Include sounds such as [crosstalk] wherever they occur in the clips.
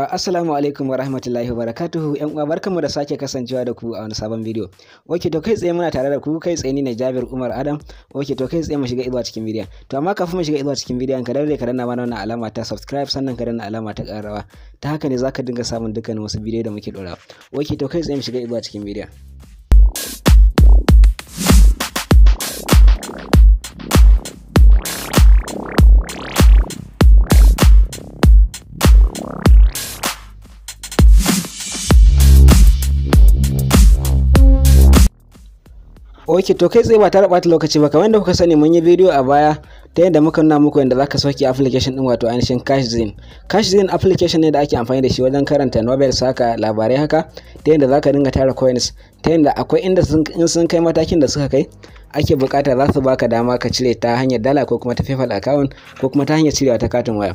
Uh, assalamu alaikum wa rahmatullahi wa barakatuhu yan uwa barkanmu da sake kasancewa da ku a wani sabon bidiyo oke to kai tsaye muna tare da ku kai tsaye ni na Jabir Umar Adam oke to kai tsaye mu shiga izuwa cikin bidiyon to amma kafin mu shiga izuwa cikin bidiyon ka dare ka danna mana wannan alama ta subscribe sannan ka danna alama ta karawa ta haka ne zaka dinga samun dukkan wasu bidiyo da muke dorawa oke to kai tsaye mu shiga izuwa cikin bidiyon ok to kai tsaye ba tare bata lokaci ba kamar yadda kuka sani mun yi bidiyo a baya ta yadda muka nuna muku yadda zaka soke application din wato ainihin cashzin cashzin application ne da ake amfani da shi wajen karanta nobel saka labarai haka ta yadda zaka dinga tara coins ta yadda akwai inda in sun kai matakin da suka kai ake bukata za su baka dama ka cire ta hanyar dala ko kuma ta paypal account ko kuma ta hanyar cirewa ta katin waya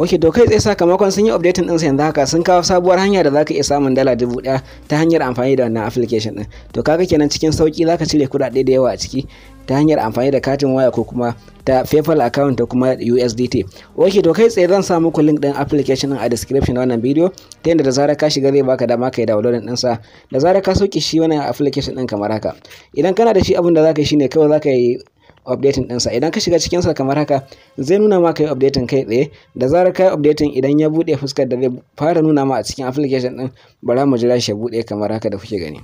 ok to kai tsaye sakamakon sun yi updating ɗinsa yanzu haka sun kawo sabuwar hanya da zaka iya samun dala dubu ɗaya ta hanyar amfani da wannan application ɗin to kaga kenan cikin sauki zaka cire kuɗaɗe da yawa a ciki ta hanyar amfani da katin waya ko kuma ta PayPal account da kuma USDT. Ok to kai tsaye zan sa muku link din application a description na wannan bidiyo ta yadda da zarar ka shiga zai baka dama kai downloading din sa da zarar ka sauke shi wannan application din kamar haka. Idan kana da shi abin da zaka yi shine kawai zaka yi updating ɗinsa idan ka shiga cikin sa kamar haka zai nuna ma kai updating kai tsaye da zarar kai updating idan ya bude fuskar da zai fara nuna ma a cikin application ɗin bara mu jira shi ya buɗe kamar haka da kuke gani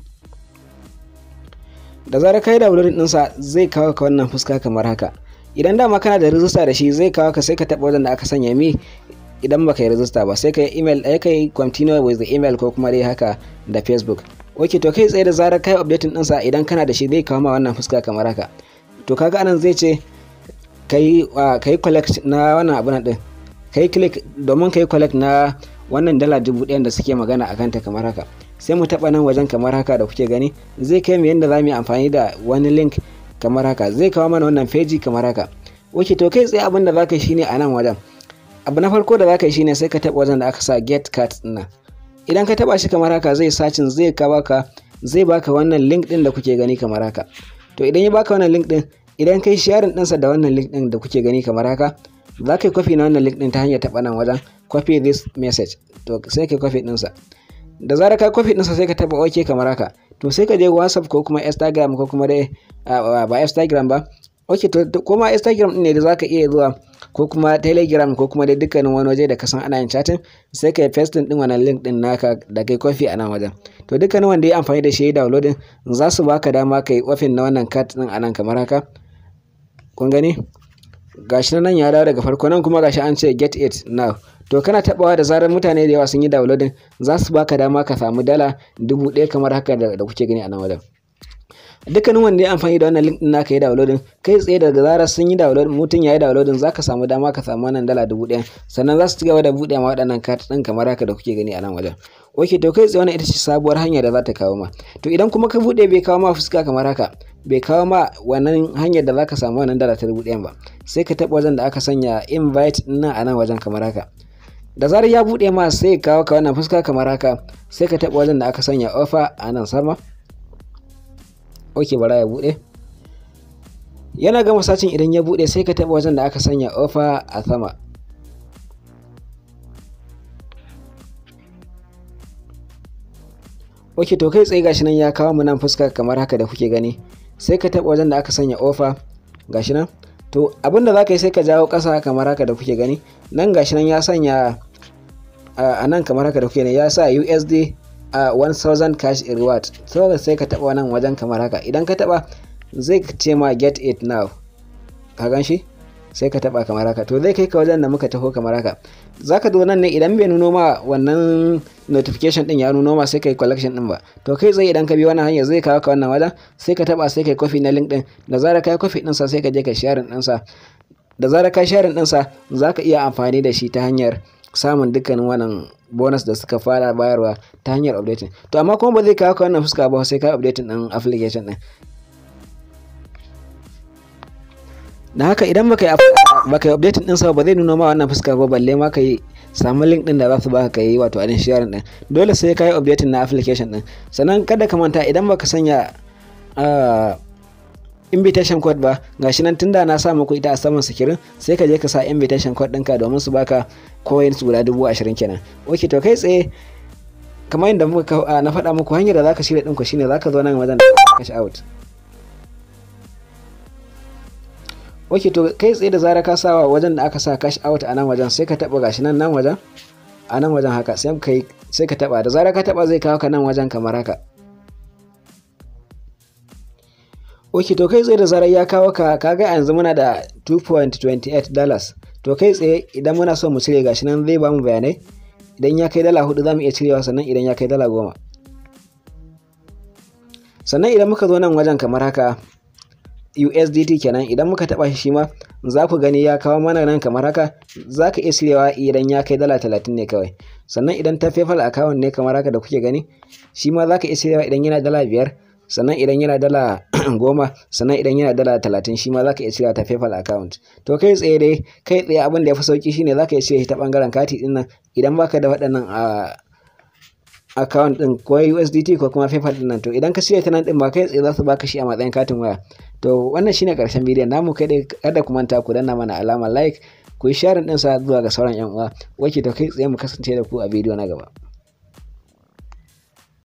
da zarar kai downloading ɗinsa zai kawo ka wannan fuska kamar haka idan dama kana da register da shi zai kawo ka sai ka taɓa wajen da aka sanya mi idan baka yi rijista ba sai ka yi email ɗaya eh, ka yi continue with the email ko kuma dai haka da facebook ok to kai tsaye da zarar kai updating ɗinsa idan kana da shi zai kawo ma wannan fuska kamar haka to kaga anan zai ce ka yi collect na wannan abu na din ka yi click domin ka collect na wannan dala dubu ɗayan da suke magana a kanta kamar haka sai mu taɓa nan wajen kamar haka da kuke gani zai kai mu yadda za mu yi amfani da wani link kamar haka zai kawo mana wannan feji kamar haka ok to kai tsaye abin da za ka yi shine a nan wajen abu na farko da za ka yi shine sai ka taɓa wajen da aka sa get cut na idan ka taɓa shi kamar haka zai sacin zai ka baka zai baka wannan link ɗin da kuke gani kamar haka to idan ya baka wannan link din idan kai sharing ɗinsa da wannan link din da kuke gani kamar haka za ka yi kwafi na wannan link din ta hanyar taɓa nan wajen copy this message to sai ka kwafi ɗinsa da zarar ka kwafi ɗinsa sai ka taɓa ok kamar haka to sai ka je whatsapp ko kuma instagram ko kuma dai ba instagram ba ok to kuma instagram ne da zaka iya zuwa ko kuma telegram ko kuma dai dukkanin wani waje da ka san ana yin chatting sai ka yi pasting din wannan link din naka da kai kofi a nan wajen to dukkanin wanda ya amfani da shi downloading za su baka dama kai ofin na wannan card din a nan kamar haka kun gani gashi nan ya dawo daga farko nan kuma gashi an ce get it now to kana tabawa da zarar mutane da yawa sun yi downloading za su baka dama ka samu dala dubu ɗaya kamar haka da kuke gani a nan wajen dukkanin wanda ya amfani da wannan link din naka yi downloading kai tsaye daga zarar sun yi download mutum ya yi downloading zaka samu dama ka samu wannan dala dubu ɗaya sannan za su cigaba da buɗe ma waɗannan ɗin kamar haka da kuke gani a nan wajen ok to kai tsaye wannan ita ce sabuwar hanya da za ta kawo ma to idan kuma ka buɗe bai kawo ma fuska kamar haka bai kawo ma wannan hanyar da zaka samu wannan dala ta dubu ɗayan ba sai ka taɓa wajen da aka sanya invite nan a nan wajen kamar haka da zarar ya buɗe ma sai kawo ka wannan fuska kamar haka sai ka taɓa wajen da aka sanya offer a nan sama ok bara ya buɗe yana gama sacin idan ya buɗe sai ka taɓa wajen da aka sanya ofa a sama ok to kai tsaye gashi nan ya kawo mu nan fuska kamar haka da kuke gani sai ka taɓa wajen da aka sanya ofa gashi nan to abinda za ka yi sai ka jawo ƙasa kamar haka da kuke gani nan gashi nan ya sanya a nan kamar haka da kuke ne ya sa usd a 1000 cash reward so sai ka taba nan wajen kamar haka idan ka taba zai ce ma get it now ka gan shi sai ka taba kamar haka to zai kai ka wajen da muka taho kamar haka zaka zo nan ne idan bai nuno ma wannan notification din ya nuno ma sai kai collection din ba to kai zai idan ka bi wannan hanya zai kawo ka wannan wajen sai ka taba sai kai copy na link din da zarar kai copy din sa sai ka je ka sharing din sa da zarar ka sharing din sa zaka iya amfani da shi ta hanyar samun dukkanin wannan bonus da suka fara bayarwa ta hanyar updating to amma kuma ba zai kawo wannan fuska ba sai ka updating din application din da haka idan baka yi baka yi updating din sa ba zai nuna ma wannan fuska ba balle ma ka yi samu link din da za su baka kai yi wato adin sharing din dole sai ka yi updating na application din sannan kada ka manta idan baka sanya ah, invitation code ba gashi nan tunda na sa muku ita a saman sikirin sai ka je ka sa invitation code ɗinka domin su baka coin su guda dubu ashirin kenan ok to kai tsaye kamar yadda muka ah, na faɗa muku hanyar da zaka shirya ɗinku shine zaka zo nan wajen cash out ok to kai tsaye da zara ka sawa wajen da aka sa cash out a nan wajen sai ka taɓa gashi nan nan wajen a nan wajen haka sai ka taba da zara ka taba zai kawo ka nan wajen kamar haka ok to kai tsaye da zarar ya kawo ka kaga yanzu muna da 2.28 dollars to kai tsaye idan muna so mu cire gashi nan zai bamu bayanai idan ya kai dala hudu za mu iya cirewa sannan idan ya kai dala goma sannan idan muka zo nan wajen kamar haka USDT kenan idan muka taba shi ma za ku gani ya kawo mana nan kamar haka za ka iya cirewa idan ya kai dala talatin ne kawai sannan idan ta PayPal account ne kamar haka da kuke gani shi ma za ka iya cirewa idan yana dala biyar sannan idan yana dala [clears throat] goma sannan idan yana dala talatin shi ma za ka iya cira ta paypal account to kai tsaye dai kai tsaye abin da ya fi sauki shine za ka iya cire shi ta bangaren kati din nan idan baka da waɗannan a account din ko USDT ko kuma PayPal din nan to idan ka cire ta nan din ba kai tsaye za su baka shi a matsayin katin waya to wannan shine karshen bidiyon namu kai dai kada ku manta ku danna mana alama like ku yi sharing din sa zuwa ga sauran yan uwa wake to kai tsaye mu kasance da ku a bidiyo na gaba